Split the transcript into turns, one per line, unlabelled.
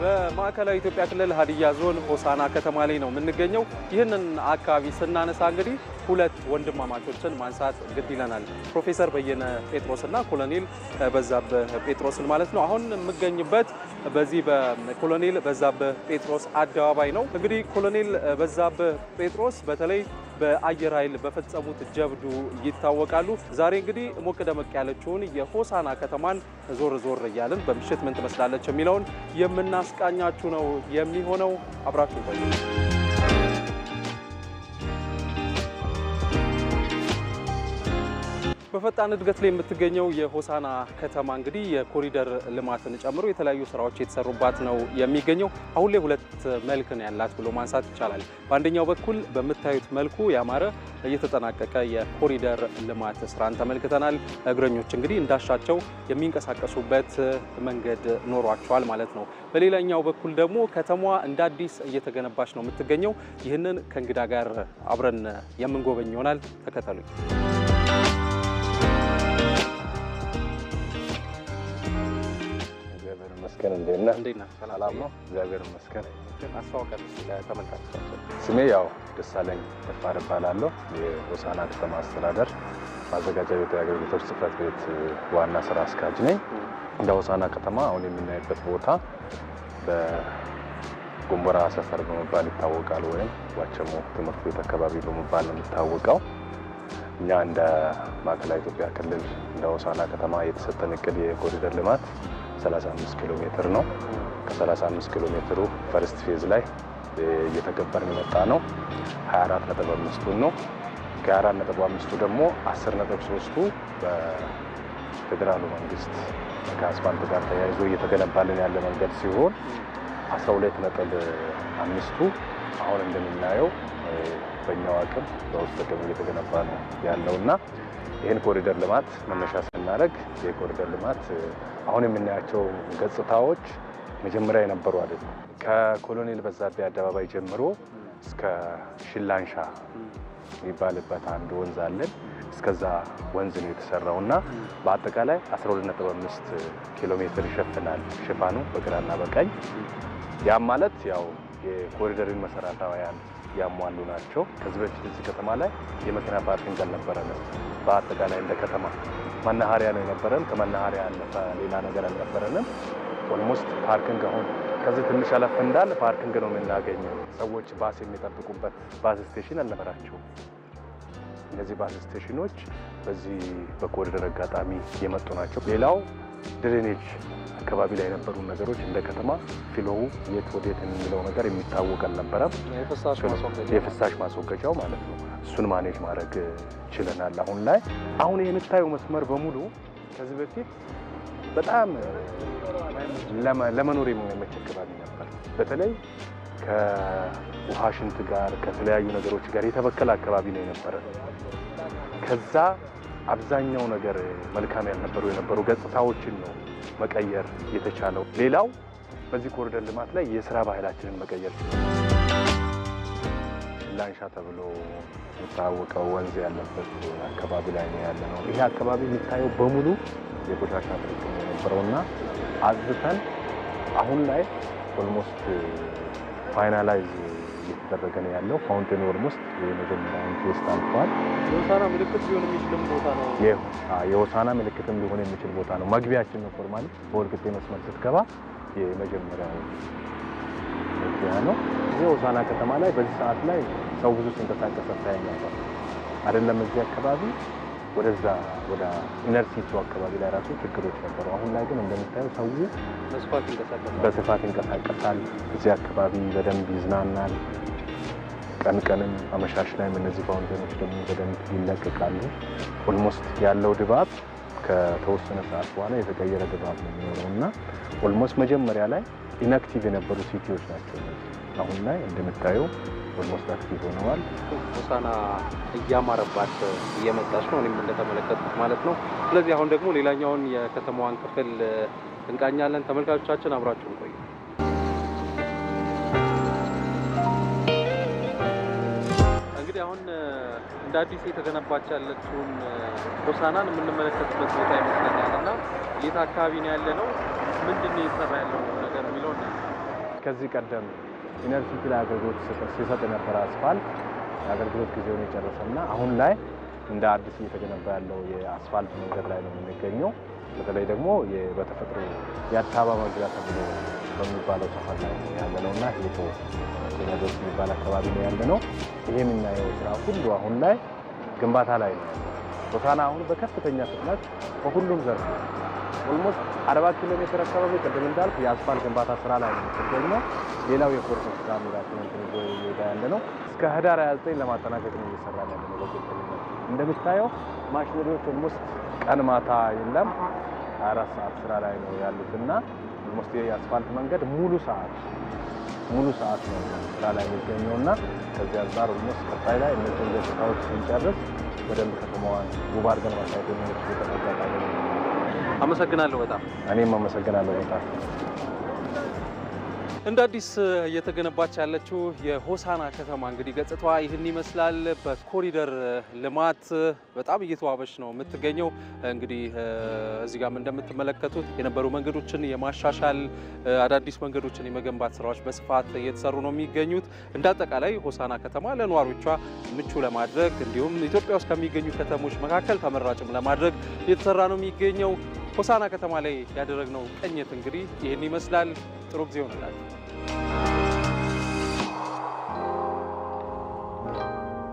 በማዕከላዊ ኢትዮጵያ ክልል ሀዲያ ዞን ሆሳና ከተማ ላይ ነው የምንገኘው። ይህንን አካባቢ ስናነሳ እንግዲህ ሁለት ወንድማማቾችን ማንሳት ግድ ይለናል። ፕሮፌሰር በየነ እና ኮሎኔል በዛብህ ጴጥሮስን ማለት ነው። አሁን የምገኝበት በዚህ በኮሎኔል በዛብህ ጴጥሮስ አደባባይ ነው። እንግዲህ ኮሎኔል በዛብህ ጴጥሮስ በተለይ በአየር ኃይል በፈጸሙት ጀብዱ ይታወቃሉ። ዛሬ እንግዲህ ሞቅ ደመቅ ያለችውን የሆሳና ከተማን ዞር ዞር እያልን በምሽት ምን ትመስላለች የሚለውን የምናስቃኛችሁ ነው የሚሆነው። አብራችሁ ቆዩ። በፈጣን እድገት ላይ የምትገኘው የሆሳና ከተማ እንግዲህ የኮሪደር ልማትን ጨምሮ የተለያዩ ስራዎች የተሰሩባት ነው የሚገኘው። አሁን ላይ ሁለት መልክ ነው ያላት ብሎ ማንሳት ይቻላል። በአንደኛው በኩል በምታዩት መልኩ ያማረ እየተጠናቀቀ የኮሪደር ልማት ስራን ተመልክተናል። እግረኞች እንግዲህ እንዳሻቸው የሚንቀሳቀሱበት መንገድ ኖሯቸዋል ማለት ነው። በሌላኛው በኩል ደግሞ ከተማዋ እንደ አዲስ እየተገነባች ነው የምትገኘው። ይህንን ከእንግዳ ጋር አብረን የምንጎበኝ ይሆናል። ተከተሉኝ።
ይመስገን። እንዴት ነህ?
እንዴት ነህ? ሰላም ነው፣
እግዚአብሔር ይመስገን። ስሜ ያው ደሳለኝ ደፋር እባላለሁ። የሆሳና ከተማ አስተዳደር ማዘጋጃ ቤት አገልግሎቶች ጽሕፈት ቤት ዋና ስራ አስኪያጅ ነኝ። እንደ ሆሳና ከተማ አሁን የምናይበት ቦታ ጎንቦራ ሰፈር በመባል ይታወቃል፣ ወይም ዋቸሞ ትምህርት ቤት አካባቢ በመባል ነው የሚታወቀው። እኛ እንደ ማዕከላዊ ኢትዮጵያ ክልል እንደ ሆሳና ከተማ የተሰጠን እቅድ የኮሪደር ልማት 35 ኪሎ ሜትር ነው። ከ35 ኪሎ ሜትሩ ፈርስት ፌዝ ላይ እየተገበርን የመጣ ነው 24 ነጥብ ቱን ነው። ከ24 ነጥብ አምስቱ ደግሞ 10 ነጥብ ሶስቱ በፌዴራሉ መንግስት ከአስፋልት ጋር ተያይዞ እየተገነባልን ያለ መንገድ ሲሆን 12 ነጥብ አምስቱ አሁን እንደምናየው በእኛው አቅም በውስጥ አቅም እየተገነባ ነው ያለው እና ይህን ኮሪደር ልማት መነሻ ስናደርግ የኮሪደር ልማት አሁን የምናያቸው ገጽታዎች መጀመሪያ የነበሩ አይደለም። ከኮሎኔል በዛቤ አደባባይ ጀምሮ እስከ ሽላንሻ የሚባልበት አንድ ወንዝ አለን። እስከዛ ወንዝ ነው የተሰራው እና በአጠቃላይ 12.5 ኪሎ ሜትር ይሸፍናል ሽፋኑ በግራና በቀኝ። ያም ማለት ያው የኮሪደርን መሰረታዊያን ያሟሉ ናቸው። ከዚህ በፊት እዚህ ከተማ ላይ የመኪና ፓርኪንግ አልነበረንም። በአጠቃላይ እንደ ከተማ መናኸሪያ ነው የነበረን። ከመናኸሪያ ያለፈ ሌላ ነገር አልነበረንም። ኦልሞስት ፓርኪንግ አሁን ከዚህ ትንሽ አለፍ እንዳል ፓርኪንግ ነው የምናገኘው። ሰዎች ባስ የሚጠብቁበት ባስ ስቴሽን አልነበራቸው። እነዚህ ባስ ስቴሽኖች በዚህ በኮሪደር አጋጣሚ የመጡ ናቸው። ሌላው ድሬኔጅ አካባቢ ላይ የነበሩ ነገሮች እንደ ከተማ ፊሎው የት ወዴት የሚለው ነገር የሚታወቅ አልነበረም። የፍሳሽ ማስወገጃው ማለት ነው። እሱን ማኔጅ ማድረግ ችለናል። አሁን ላይ አሁን የምታየው መስመር በሙሉ ከዚህ በፊት በጣም ለመኖር የማይመች አካባቢ ነበር። በተለይ ከውሃ ሽንት ጋር ከተለያዩ ነገሮች ጋር የተበከለ አካባቢ ነው የነበረ ከዛ አብዛኛው ነገር መልካም ያልነበሩ የነበሩ ገጽታዎችን ነው መቀየር የተቻለው። ሌላው በዚህ ኮሪደር ልማት ላይ የስራ ባህላችንን መቀየር ላንሻ ተብሎ የሚታወቀው ወንዝ ያለበት አካባቢ ላይ ነው ያለ ነው። ይሄ አካባቢ የሚታየው በሙሉ የቆሻሻ የነበረው የነበረውና አዝተን አሁን ላይ ኦልሞስት ፋይናላይዝ እየተደረገ ነው ያለው። ፋውንቴን ኦልሞስት የመጀመሪያውን ቴስት አልፏል።
የሆሳና ምልክት ሊሆን የሚችልም ቦታ ነው።
የሆሳና ምልክትም ሊሆን የሚችል ቦታ ነው። መግቢያችን ነው። ፎርማሊ በወልቂጤ መስመር ስትገባ የመጀመሪያው መግቢያ ነው። እዚህ ሆሳና ከተማ ላይ በዚህ ሰዓት ላይ ሰው ብዙ ሲንቀሳቀስ ታያኛለህ። አይደለም እዚህ አካባቢ ወደዛ ወደ ኢነርሲቱ አካባቢ ላይ ራሱ ችግሮች ነበሩ። አሁን ላይ ግን እንደምታየው ሰው በስፋት ይንቀሳቀሳል። እዚህ አካባቢ በደንብ ይዝናናል። ቀን ቀንም አመሻሽ ላይም እነዚህ ፋውንቴኖች ደግሞ በደንብ ይለቀቃሉ። ኦልሞስት ያለው ድባብ ከተወሰነ ሰዓት በኋላ የተቀየረ ድባብ ነው የሚኖረው እና ኦልሞስት መጀመሪያ ላይ ኢንአክቲቭ የነበሩ ሲቲዎች ናቸው። አሁን ላይ እንደምታየው ኦልሞስት አክቲቭ ሆነዋል።
ሆሳና እያማረባት እየመጣች ነው፣ እኔም እንደተመለከትኩት ማለት ነው። ስለዚህ አሁን ደግሞ ሌላኛውን የከተማዋን ክፍል እንቃኛለን። ተመልካቾቻችን አብራችሁን ቆዩ። አሁን እንደ አዲስ የተገነባች ያለችውን ሆሳናን የምንመለከትበት ቦታ ይመስለኛል እና የት አካባቢ ነው ያለ ነው ምንድን ነው የተሰራ ያለው ነገር የሚለው
ከዚህ ቀደም ዩኒቨርሲቲ ላይ አገልግሎት ሲሰጥ የነበረ አስፋልት የአገልግሎት ጊዜውን የጨረሰ የጨረሰና አሁን ላይ እንደ አዲስ እየተገነባ ያለው የአስፋልት መንገድ ላይ ነው የምንገኘው። በተለይ ደግሞ በተፈጥሮ የአዳባ መግቢያ ተብሎ በሚባለው ሰፈር ላይ ያለ ነው እና ሄቶ የሚባል አካባቢ ነው ያለ ነው። የምናየው ስራ ሁሉ አሁን ላይ ግንባታ ላይ ነው። ሆሳዕና አሁን በከፍተኛ ፍጥነት በሁሉም ዘርፍ ኦልሞስት አርባ ኪሎ ሜትር አካባቢ ቅድም እንዳልኩ የአስፋልት ግንባታ ስራ ላይ ነው የምትገኘው። ሌላው የፖርት ስራ ሜዳችንን ይዞ እየሄደ ያለ ነው። እስከ ህዳር 29 ለማጠናቀቅ ነው እየሰራ ያለ ነው። እንደምታየው ማሽነሪዎች ኦልሞስት ቀን ማታ የለም አራት ሰዓት ስራ ላይ ነው ያሉት ያሉትና ኦልሞስት የአስፋልት መንገድ ሙሉ ሰዓት ሙሉ ሰዓት ነው ስራ ላይ የሚገኘው እና ከዚህ አንጻር ኦልሞስት ቀጣይ ላይ እነዚህን ገጽታዎች ስንጨርስ በደንብ ከተማዋን ውብ አድርገን ማሳየት የሚችሉበት አጋጣሚ
አመሰግናለሁ በጣም
እኔም አመሰግናለሁ በጣም
እንደ አዲስ እየተገነባች ያለችው የሆሳና ከተማ እንግዲህ ገጽታዋ ይህን ይመስላል። በኮሪደር ልማት በጣም እየተዋበች ነው የምትገኘው። እንግዲህ እዚህ ጋም እንደምትመለከቱት የነበሩ መንገዶችን የማሻሻል አዳዲስ መንገዶችን የመገንባት ስራዎች በስፋት እየተሰሩ ነው የሚገኙት። እንደ አጠቃላይ ሆሳና ከተማ ለነዋሪዎቿ ምቹ ለማድረግ እንዲሁም ኢትዮጵያ ውስጥ ከሚገኙ ከተሞች መካከል ተመራጭም ለማድረግ እየተሰራ ነው የሚገኘው። ሆሳና ከተማ ላይ ያደረግነው ቅኝት እንግዲህ ይህን ይመስላል። ጥሩ ጊዜ ይሆንላል።